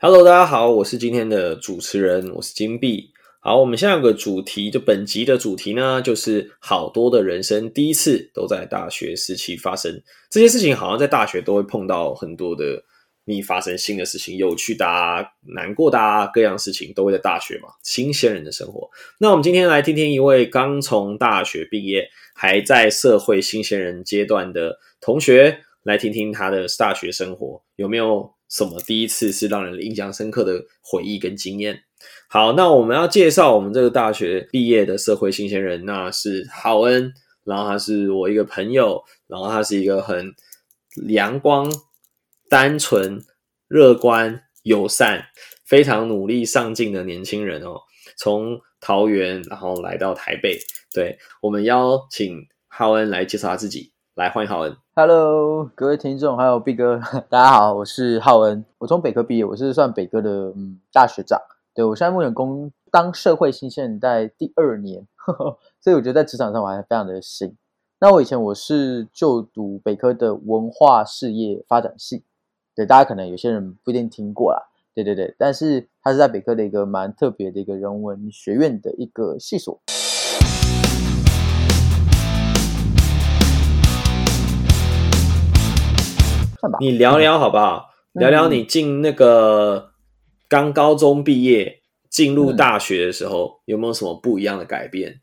Hello，大家好，我是今天的主持人，我是金碧。好，我們下一個主題，就本集的主題呢，就是好多的人生第一次都在大學時期發生這些事情，好像在大學都會碰到很多的，你發生新的事情，有趣的啊，難過的啊，各樣的事情都會在大學嘛，新鮮人的生活。那我們今天來聽聽一位剛從大學畢業，還在社會新鮮人階段的同學，來聽聽他的大學生活有沒有。什麼第一次是讓人印象深刻的回憶跟經驗？好，那我們要介紹我們這個大學畢業的社會新鮮人，那是浩恩，然後他是我一個朋友，然後他是一個很陽光、單純、樂觀、友善、非常努力上進的年輕人哦。從桃園然後來到台北，對，我們邀請浩恩來介紹他自己。來，歡迎浩恩。Hello，各位聽眾，還有畢哥， 大家好，我是浩恩。我從北科畢業，我是算北科的，嗯，大學長。對，我現在目前工當社會新鮮人代第二年呵呵，所以我覺得在職場上我還非常的新。那我以前我是就讀北科的文化事業發展系，對，大家可能有些人不一定聽過啦。對對對，但是他是在北科的一個蠻特別的一個人文學院的一個系所。你聊聊好不好？嗯、聊聊你進那個剛高中畢業進入大學的時候，嗯，有沒有什麼不一樣的改變？嗯、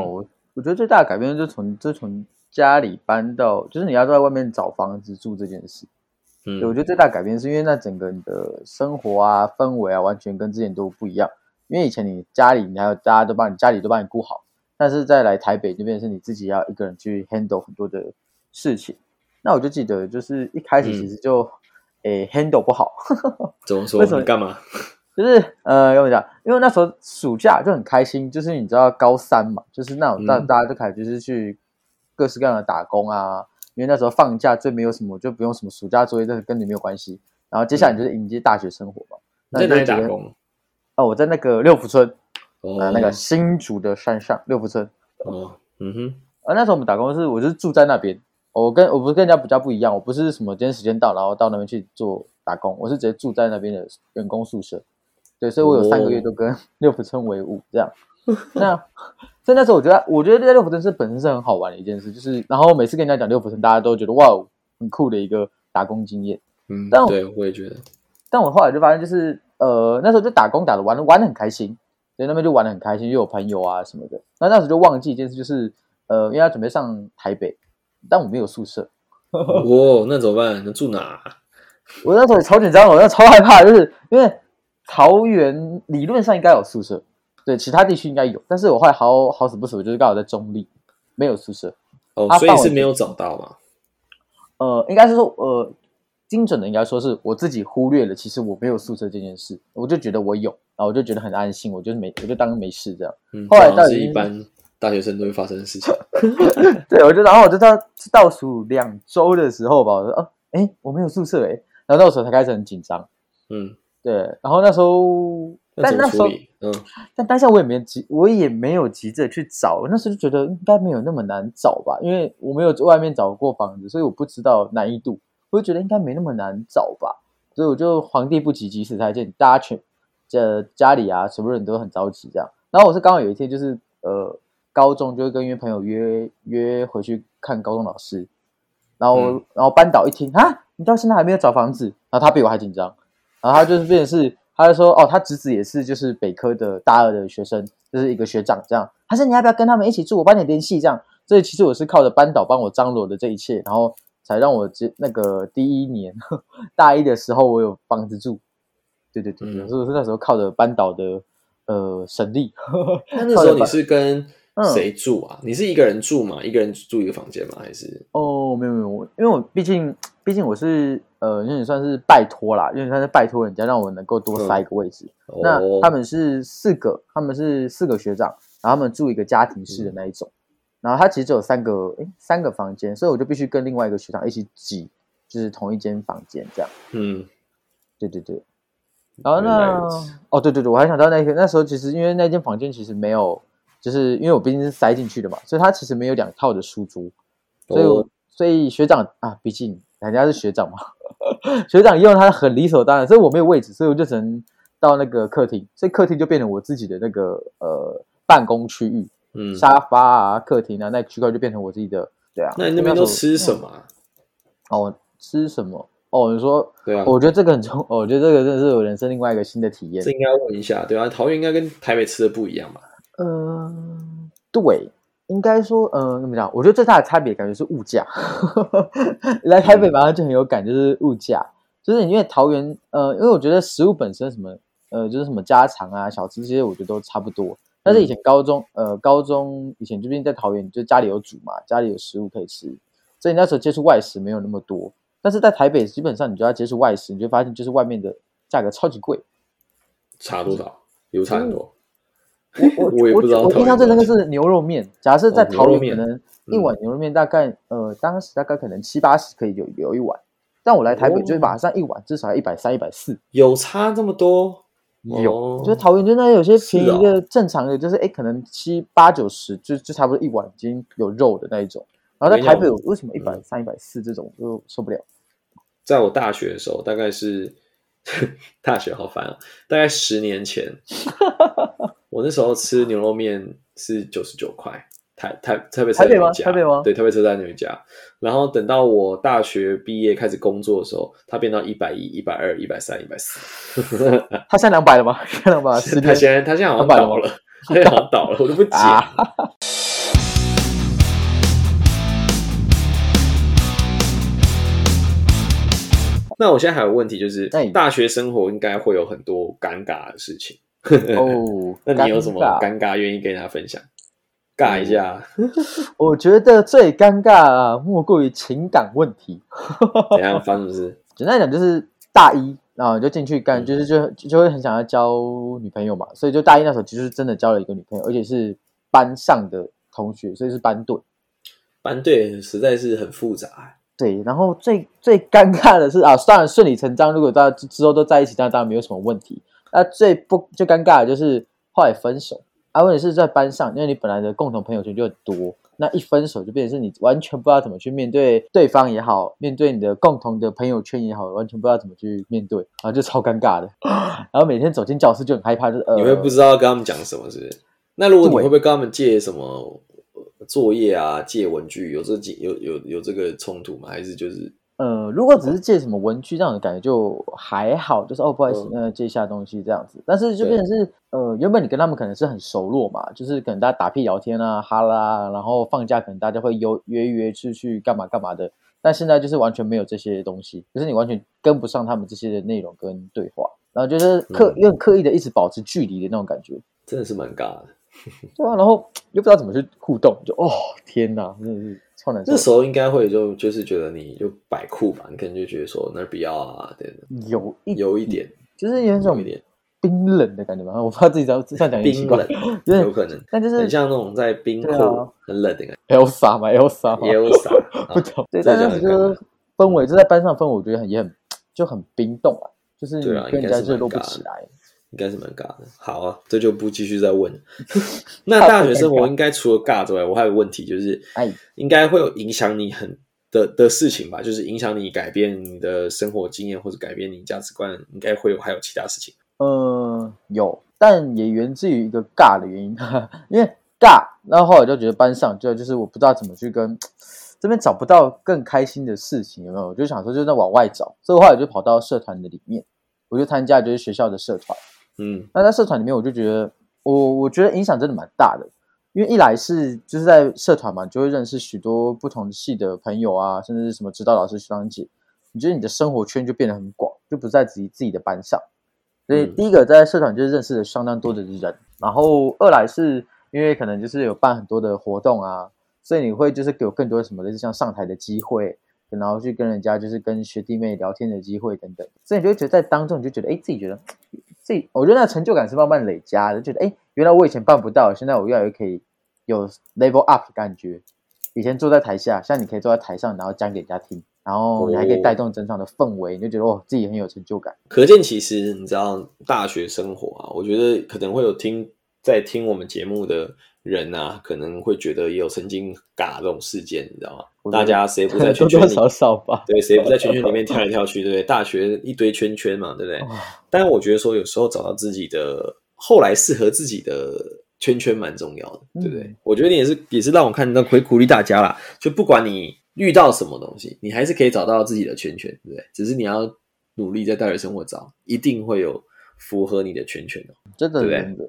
哦，我覺得最大的改變就是從就從家裡搬到，就是你要在外面找房子住這件事。嗯，我覺得最大的改變是因為那整個你的生活啊氛圍啊，完全跟之前都不一樣，因為以前你家裡你還有大家都幫你，家裡都幫你顧好，但是再來台北這邊是你自己要一個人去 handle 很多的事情。那我就記得，就是一開始其實就，誒、嗯欸、，handle 不好。 怎麼說？為什麼？幹嘛？就是呃，跟我講，因為那時候暑假就很開心，就是你知道高三嘛，就是那種大大家就開始就是去各式各樣的打工啊。嗯、因為那時候放假最沒有什麼，就不用什麼暑假作業，但是跟你沒有關係。然後接下來就是迎接大學生活嘛。嗯、那你你在哪裡打工？啊、哦，我在那個六福村、哦，呃，那個新竹的山上六福村。哦，嗯哼。而、啊、那時候我們打工是，我就是住在那邊。我跟我不是跟人家比較不一樣，我不是什麼今天時間到，然後到那邊去做打工，我是直接住在那邊的員工宿舍，對，所以我有三個月都跟六福村為伍，哦、這樣。那所以那時候，我覺得我覺得在六福村是本身是很好玩的一件事，就是然後每次跟人家講六福村，大家都覺得哇、哦，很酷的一個打工經驗。嗯但，對，我也覺得。但我後來就發現，就是呃那時候就打工打的玩玩的很開心，所以那邊就玩的很開心，又有朋友啊什麼的。那那時候就忘記一件事，就是呃因為他準備上台北。但我沒有宿舍，哇、 哦，那怎麼辦？能住哪兒、啊？我那時候也超緊張，我那超害怕，就是因為桃園理論上應該有宿舍，對，其他地區應該有，但是我後來好好死不死，我就是剛好在中立，沒有宿舍，哦，所以是沒有找到嘛、啊？呃，應該是說，呃，精準的應該說是我自己忽略了，其實我沒有宿舍這件事，我就覺得我有，然後我就覺得很安心，我就沒，我就當沒事這樣，嗯、後來到底是一般。大學生都會發生的事情， 對，我就然後我就到倒數兩週的時候吧，我說哦，哎、啊欸，我沒有宿舍哎，然後那時候才開始很緊張，嗯，對，然後那時候，但那時候，嗯，但當下我也沒急，我也沒有急着去找，我那時候就覺得應該沒有那麼難找吧，因為我沒有在外面找過房子，所以我不知道難易度，我就覺得應該沒那麼難找吧，所以我就皇帝不急，急死太監，大家全，呃，家裡啊，什麼人都很着急這樣，然後我是剛好有一天就是呃。高中就是跟約朋友約約回去看高中老師，然後、嗯、然後班導一聽啊，你到現在還沒有找房子，然後他比我還緊張，然後他就是變成是，他就說哦，他侄子也是就是北科的大二的學生，就是一個學長這樣，他說你要不要跟他們一起住，我幫你聯繫這樣，所以其實我是靠着班導幫我張羅的這一切，然後才讓我接那個第一年大一的時候我有房子住，對對對，嗯、是不是那時候靠着班導的呃神力，那時候你是跟嗯，誰住啊、嗯？你是一個人住嗎？一個人住一個房間嗎？還是哦，沒有沒有，因為我畢竟畢竟我是呃，有點算是拜託啦，有點算是拜託人家讓我能夠多塞一個位置。嗯、那、哦、他們是四個，他們是四個學長，然後他們住一個家庭式的那一種，嗯、然後他其實只有三個哎三個房間，所以我就必須跟另外一個學長一起擠，就是同一間房間這樣。嗯，對對對，然後呢？哦，對對對，我還想到那一個那時候其實因為那間房間其實沒有。就是因為我畢竟是塞進去的嘛，所以他其實沒有兩套的書桌，所以我所以學長啊，畢竟人家是學長嘛，學長用他很理所當然，所以我沒有位置，所以我就只能到那個客廳，所以客廳就變成我自己的那個呃辦公區域，嗯，沙發啊客廳啊，那區塊就變成我自己的，對啊。那你那邊都吃什麼啊？哦，吃什麼？哦，你說對啊，我覺得這個很重，我覺得這個真的是我人生另外一個新的體驗，這應該要問一下對啊，桃園應該跟台北吃的不一樣嘛？嗯，對，應該說，嗯，怎麼講？我覺得最大的差別感覺是物價。呵呵，來台北馬上就很有感覺，就是物價。就是因為桃園，呃，因為我覺得食物本身什麼，呃，就是什麼家常啊、小吃這些，我覺得都差不多。但是以前高中，嗯、呃，高中以前就畢竟在桃園，就家裡有煮嘛，家裡有食物可以吃，所以那時候接觸外食沒有那麼多。但是在台北，基本上你就要接觸外食，你就發現就是外面的價格超級貴。差多少？有差很多？我我我，也不知道我，我印象最深刻是牛肉麵。哦，假設在桃園可能一碗牛肉麵大概，嗯、呃當時大概可能七八十可以有有一碗，但我來台北就馬上一碗至少要一百三一百四。哦，有差這麼多？有，哦，就是桃園就那有些便宜的正常的，是啊，就是哎可能七八九十就就差不多一碗已經有肉的那一種，然後在台北為什麼一百三一百四這種就受不了？嗯，在我大學的時候大概是 大學好煩、啊，大概十年前。 我那時候吃牛肉麵是九十九塊，太太特別在那家，台北嗎？台北嗎？對，台北車站那一家。然後等到我大學畢業開始工作的時候，它變到一百一、一百二、一百三、一百四。他現在兩百了嗎？兩百四。它現在它現在好像倒了，他現在好像倒了 他現在好像倒了，我都不記得。 那我現在還有問題，就是大學生活應該會有很多尷尬的事情。 哦， 那你有什麼尷尬願意跟大家分享？尬一下， 我覺得最尷尬、啊、莫過於情感問題。 怎樣，方老師？簡單講，就是大一，啊、嗯，就進去幹，就就就會很想要交女朋友嘛，所以就大一那時候其實是真的交了一個女朋友，而且是班上的同學，所以是班隊。班隊實在是很複雜。對，然後最最尷尬的是啊，算了，順理成章，如果大家之後都在一起，當然沒有什麼問題。那最不最尷尬的就是後來分手啊，問題是在班上，因為你本來的共同朋友圈就很多，那一分手就變成是你完全不知道怎麼去面對對方也好，面對你的共同的朋友圈也好，完全不知道怎麼去面對，啊，然後就超尷尬的。然後每天走進教室就很害怕，就是呃，呃，你會不知道跟他們講什麼，是不是？那如果你會不會跟他們借什麼、呃、作業啊，借文具，有這幾有有有這個衝突嗎？還是就是？呃，如果只是借什麼文具這樣的感覺就還好，就是哦，不好意思，呃、嗯、借一下東西這樣子，但是就變成是呃原本你跟他們可能是很熟絡嘛，就是可能大家打屁聊天啊哈啦、啊，然後放假可能大家會約約約去去幹嘛幹嘛的，但現在就是完全沒有這些東西，就是你完全跟不上他們這些的內容跟對話，然後就是刻又很、嗯、刻意的一直保持距離的那種感覺，真的是蠻尬的， 對啊，然後又不知道怎麼去互動，就哦天吶，真的是。這時候應該會就就是覺得你就擺酷吧，你可能就覺得說那不要啊，對，有一有一點，就是有一種一點冰冷的感覺吧。我怕自己在在講冰冷講，有可能， 就是、但就是但很像那種在冰庫、啊、很冷的感覺。Elsa 嘛 Elsa 嘛 Elsa 不同。但是就是氛圍、嗯，就在班上氛圍，我覺得也很就很冰凍啊，就是你更加熱絡不起來。應該是蠻尬的，好啊，這就不繼續再問了。 那大學生活，應該除了尬之外，我還有問題，就是哎，應該會有影響你很的的、的事情吧？就是影響你改變你的生活經驗，或者改變你價值觀，應該會有還有其他事情？嗯，有，但也源自於一個尬的原因，因為尬，那後、後來就覺得班上就就是我不知道怎麼去跟這邊找不到更開心的事情，有沒有？我就想說，就在往外找，所以後來就跑到社團的裡面，我就參加就是學校的社團。嗯，那在社團裡面，我就覺得我我覺得影響真的蠻大的，因為一來是就是在社團嘛，就會認識許多不同系的朋友啊，甚至是什麼指導老師、學長姐，你覺得你的生活圈就變得很廣，就不在自己自己的班上。所以第一個在社團就是認識了相當多的人。嗯，然後二來是因為可能就是有辦很多的活動啊，所以你會就是給我更多什麼類似像上台的機會，然後去跟人家就是跟學弟妹聊天的機會等等，所以你就覺得在當中你就覺得哎、欸，自己覺得。這我覺得那成就感是慢慢累加的，覺得，誒，原來我以前辦不到，現在我越來越可以有 level up 的感覺。以前坐在台下，像你可以坐在台上，然後講給人家聽，然後你還可以帶動整場的氛圍，哦，你就覺得哦，自己很有成就感。可見其實你知道大學生活啊，我覺得可能會有聽。在聽我們節目的人啊，可能會覺得也有神經嘎這種事件，你知道嗎？Okay. 大家誰不在圈圈裡？多多少少吧，對，誰不在圈圈裡面跳來跳去？對、okay. 不對？大學一堆圈圈嘛，對不對？Oh. 但我覺得說，有時候找到自己的後來適合自己的圈圈蠻重要的，對不對？Mm. 我覺得你也是，也是讓我看到可以鼓勵大家啦。就不管你遇到什麼東西，你還是可以找到自己的圈圈，對不對？只是你要努力在大學生活找，一定會有符合你的圈圈的，真的，對不對？嗯對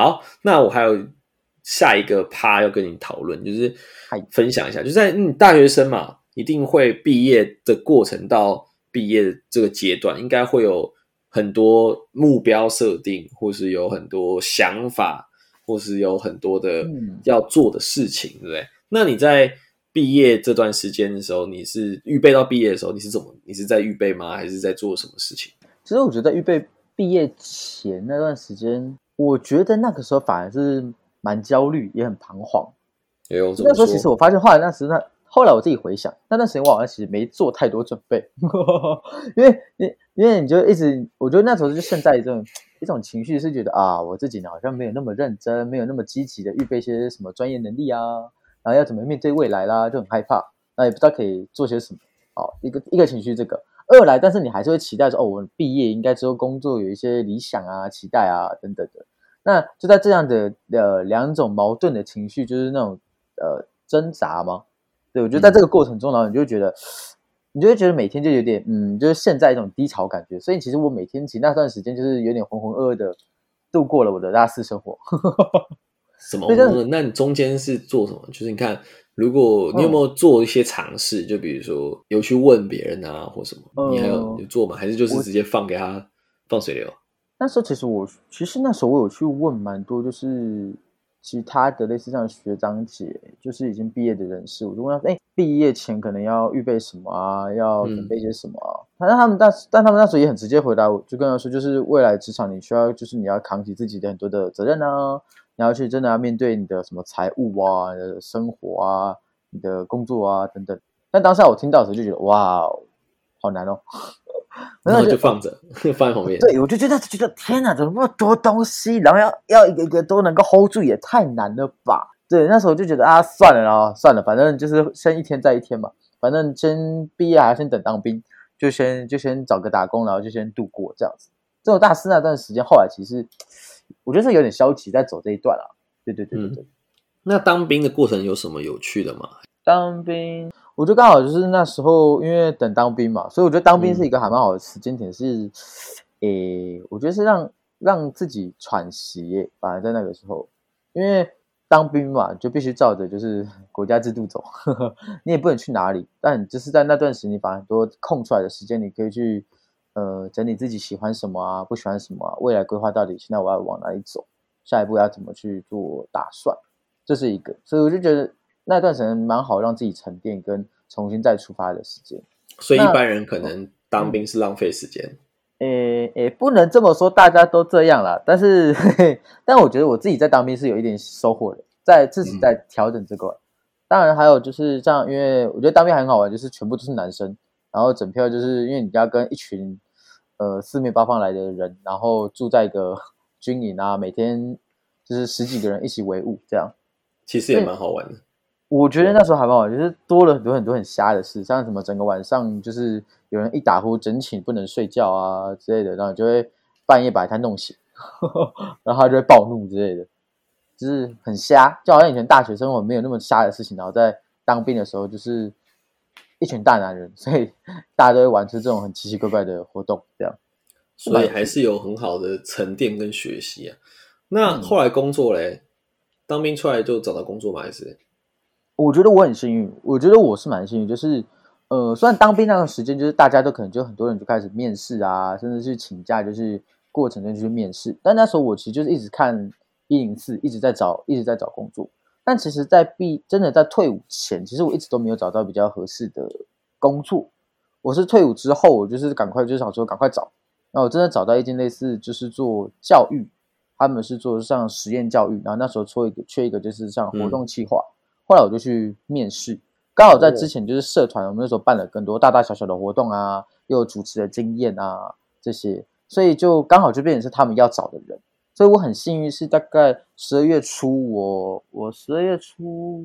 好，那我還有下一個趴要跟你討論，就是分享一下，就是、在你、嗯、大學生嘛，一定會畢業的過程到畢業這個階段，應該會有很多目標設定，或是有很多想法，或是有很多的要做的事情，嗯、對不對？那你在畢業這段時間的時候，你是預備到畢業的時候，你是怎麼？你是在預備嗎？還是在做什麼事情？其實我覺得在預備畢業前那段時間。我覺得那個時候反而是蠻焦慮，也很彷徨。哎，怎麼說？那時候其實我發現，後來那時間，後來我自己回想那段時間，我好像其實沒做太多準備， 因為，因為你就一直，我覺得那時候就現在這種一種情緒，是覺得啊，我自己呢好像沒有那麼認真，沒有那麼積極的預備一些什麼專業能力啊，然後要怎麼面對未來啦，就很害怕，那也不知道可以做些什麼。哦，一個一個情緒，這個。二來，但是你還是會期待說，哦，我們畢業應該之後工作有一些理想啊、期待啊等等的。那就在這樣的呃兩種矛盾的情緒，就是那種呃掙扎嗎？對，我覺得在這個過程中，然後你就覺得、嗯，你就會覺得每天就有點嗯，就是陷在一種低潮感覺。所以其實我每天其實那段時間就是有點渾渾噩噩的度過了我的大四生活。 什麼、 嗯、那你中間是做什麼？就是你看，如果你有沒有做一些嘗試，就比如說有去問別人啊，或什麼？嗯、你還有做嗎？還是就是直接放給他放水流？那時候其實我其實那時候我有去問蠻多，就是其他的類似像學長姐，就是已經畢業的人士，我就問他說：“哎、欸，畢業前可能要預備什麼啊？要準備一些什麼啊？”反正，嗯，他們但但他們那時候也很直接回答，我就跟他說：“就是未來職場，你需要就是你要扛起自己的很多的責任啊，你要去真的要面對你的什麼財務啊、你的生活啊、你的工作啊等等。”但當下我聽到的時候就覺得：“哇，好難哦。”然後，然後就放着翻紅頁，對我就覺得覺得天吶、啊，怎麼那麼多東西？然後要要一個一個都能夠 hold 住，也太難了吧？對，那時候就覺得啊，算了，然後算了，反正就是先一天再一天嘛，反正先畢業，還是先等當兵，就先就先找個打工，然後就先度過這樣子。最後大四那段時間，後來其實我覺得是有點消極在走這一段啊。對對對對，對,對、嗯。那當兵的過程有什麼有趣的嗎？當兵。我就剛好就是那時候，因為等當兵嘛，所以我覺得當兵是一個還蠻好的時間點、嗯，是，誒、欸，我覺得是讓讓自己喘息，反正在那個時候，因為當兵嘛，就必須照着就是國家制度走，呵呵，你也不能去哪裡，但就是在那段時間，你把很多空出來的時間，你可以去，呃，整理自己喜歡什麼啊，不喜歡什麼啊，未來規劃到底現在我要往哪裡走，下一步要怎麼去做打算，這是一個，所以我就覺得。那段時間蠻好，讓自己沉澱跟重新再出發的時間。所以一般人可能當兵是浪費時間。呃，也、嗯、不能這麼說，大家都這樣啦。但是呵呵，但我覺得我自己在當兵是有一點收穫的，在自己在調整這個。嗯、當然還有就是這樣，因為我覺得當兵很好玩，就是全部都是男生，然後整票就是因為你要跟一群呃四面八方來的人，然後住在一個軍營啊，每天就是十幾個人一起為伍，這樣其實也蠻好玩的。嗯我覺得那時候還蠻好，就是多了很多很多很瞎的事，像什麼整個晚上就是有人一打呼，整寢不能睡覺啊之類的，然後就會半夜把他弄醒，然後他就會暴怒之類的，就是很瞎，就好像以前大學生活沒有那麼瞎的事情，然後在當兵的時候就是一群大男人，所以大家都會玩出這種很奇奇怪怪的活動，這樣，所以還是有很好的沉澱跟學習啊。那後來工作嘞，嗯、當兵出來就找到工作嗎還是。我覺得我很幸運，我覺得我是蠻幸運，就是，呃，雖然當兵那段時間，就是大家都可能就很多人就開始面試啊，甚至去請假，就是過程中去面試，但那時候我其實就是一直看一零四，一直在找，一直在找工作。但其實在，在畢真的在退伍前，其實我一直都沒有找到比較合適的工作。我是退伍之後，我就是趕快就想、是、說趕快找，然後我真的找到一件類似就是做教育，他們是做像實驗教育，然後那時候出一個缺一個就是像活動計劃。嗯後來我就去面試，剛好在之前就是社團，我們那時候辦了更多大大小小的活動啊，又有主持的經驗啊這些，所以就剛好就變成是他們要找的人，所以我很幸運是大概十二月初，我我十二月初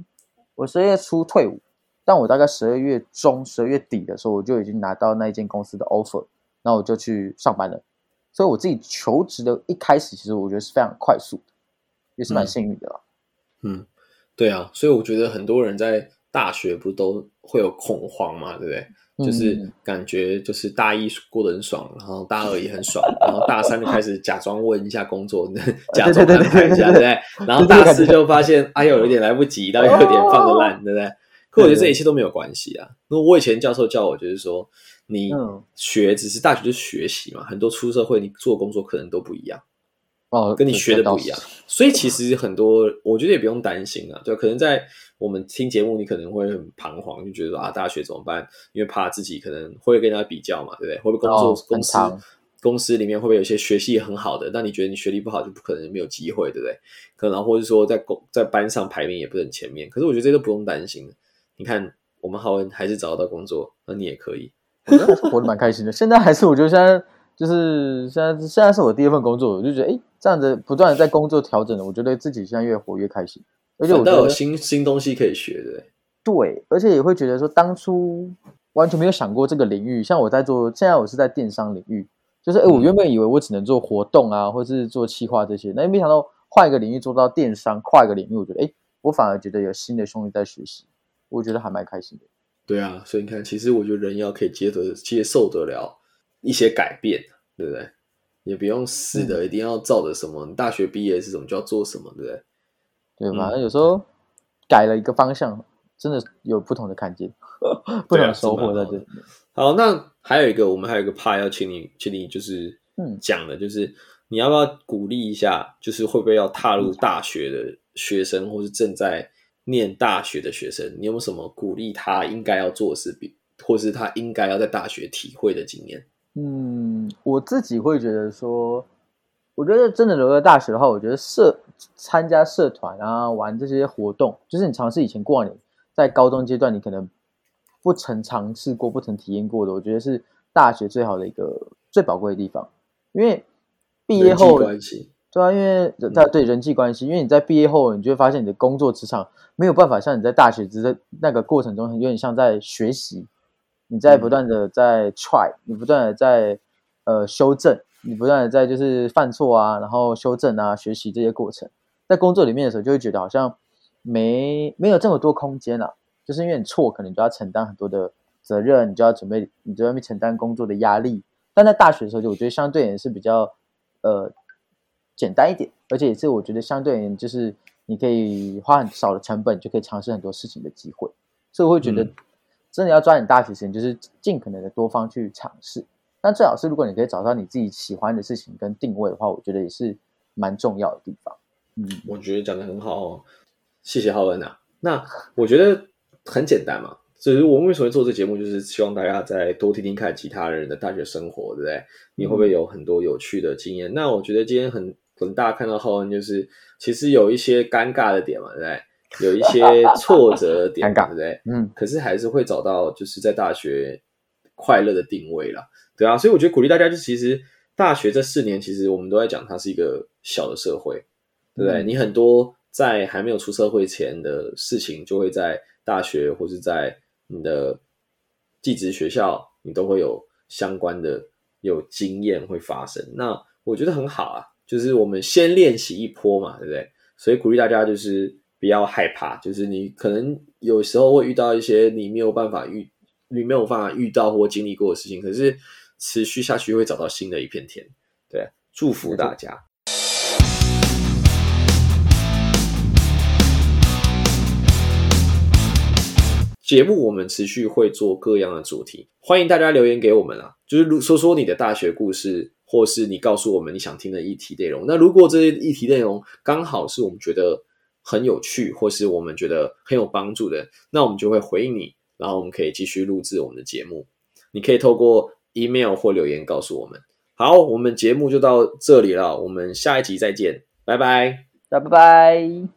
我十二月初退伍，但我大概十二月中十二月底的時候，我就已經拿到那一間公司的 offer，那我就去上班了。所以我自己求職的一開始，其實我覺得是非常快速的，也是蠻幸運的啦。嗯。嗯對啊，所以我覺得很多人在大學不都會有恐慌嘛，對不對、嗯？就是感覺就是大一過得很爽，然後大二也很爽、嗯，然後大三就開始假裝問一下工作， 假裝談戀愛，對不對？嗯、然後大四就發現哎、啊、呦，有點來不及，到 有點放得爛，對不對？哦、 可我覺得這一切都沒有關係啊。那我以前教授教我就是說，你學只是大學就學習嘛，很多出社會你做工作可能都不一樣。跟你學的不一樣，所以其實很多，我覺得也不用擔心啊。對，可能在我們聽節目，你可能會很彷徨，就覺得說啊，大學怎麼辦？因為怕自己可能會跟人家比較嘛，對不對？會不會工作公司公司裡面會不會有一些學習很好的？那你覺得你學歷不好，就不可能沒有機會，對不對？可能或者說在工在班上排名也不是很前面，可是我覺得這都不用擔心。你看我們浩文還是找得到工作，那你也可以，我覺得活得蠻開心的。現在還是我覺得現在。 就是現在，現在是我第一份工作，我就覺得哎，這樣子不斷的在工作調整，我覺得自己現在越活越開心，而且我都有新新東西可以學的，對，而且也會覺得說當初完全沒有想過這個領域，像我在做，現在我是在電商領域，就是哎，我原本以為我只能做活動啊，或者是做企劃這些，那沒想到換一個領域做到電商，跨一個領域，我覺得哎，我反而覺得有新的東西在學習，我覺得還蠻開心的。對啊，所以你看，其實我覺得人要可以接得接受得了。一些改變，對不對？也不用死的，嗯、一定要照着什麼。你大學畢業是什麼就要做什麼，對不對？對吧，吧、嗯，有時候改了一個方向，真的有不同的看見，呵呵不，不同的收穫在這裡。好，那還有一個，我們還有一個 part 要請你，請你就是講的，嗯，就是你要不要鼓勵一下，就是會不會要踏入大學的學生，或是正在念大學的學生，你有沒有什麼鼓勵他應該要做事，比或是他應該要在大學體會的經驗？嗯，我自己會覺得說，我覺得真的留在大學的話，我覺得社參加社團啊，玩這些活動，就是你嘗試以前過你在高中階段你可能不曾嘗試過、不曾體驗過的，我覺得是大學最好的一個最寶貴的地方。因為畢業後，對啊，因為在對人際關係，因為你在畢業後，你就會發現你的工作職場沒有辦法像你在大學之那個過程中，很有點像在學習。你在不斷的在 try，、嗯、你不斷的在呃修正，你不斷的在就是犯錯啊，然後修正啊，學習這些過程。在工作裡面的時候，就會覺得好像沒沒有這麼多空間了、啊，就是因為你錯，可能就要承擔很多的責任，你就要準備，你就要去承擔工作的壓力。但在大學的時候，就我覺得相對也是比較呃簡單一點，而且也是我覺得相對就是你可以花很少的成本，就可以嘗試很多事情的機會，所以我會覺得。嗯真的要抓緊大學生，就是盡可能的多方去嘗試。但最好是，如果你可以找到你自己喜歡的事情跟定位的話，我覺得也是蠻重要的地方。嗯，我覺得講得很好，謝謝浩恩啊。那我覺得很簡單嘛，只、就是我們為什麼做這節目，就是希望大家再多聽聽看其他人的大學生活，對不對？你會不會有很多有趣的經驗、嗯？那我覺得今天很，可能大家看到浩恩，就是其實有一些尷尬的點嘛，對不對？ 有一些挫折點， 對不對？嗯，可是還是會找到，就是在大學快樂的定位了，對啊。所以我覺得鼓勵大家，就其實大學這四年，其實我們都在講它是一個小的社會，對不對？嗯、你很多在還沒有出社會前的事情，就會在大學或是在你的技職學校，你都會有相關的有經驗會發生。那我覺得很好啊，就是我們先練習一波嘛，對不對？所以鼓勵大家就是。不要害怕，就是你可能有時候會遇到一些你沒有辦法遇你沒有辦法遇到或經歷過的事情，可是持續下去會找到新的一片天。對，祝福大家。嗯。節目我們持續會做各樣的主題，歡迎大家留言給我們啊，就是如，說說你的大學故事，或是你告訴我們你想聽的議題內容。那如果這些議題內容剛好是我們覺得。很有趣，或是我們覺得很有幫助的，那我們就會回應你，然後我們可以繼續錄製我們的節目。你可以透過 email 或留言告訴我們。好，我們節目就到這裡了，我們下一集再見，拜拜，拜拜。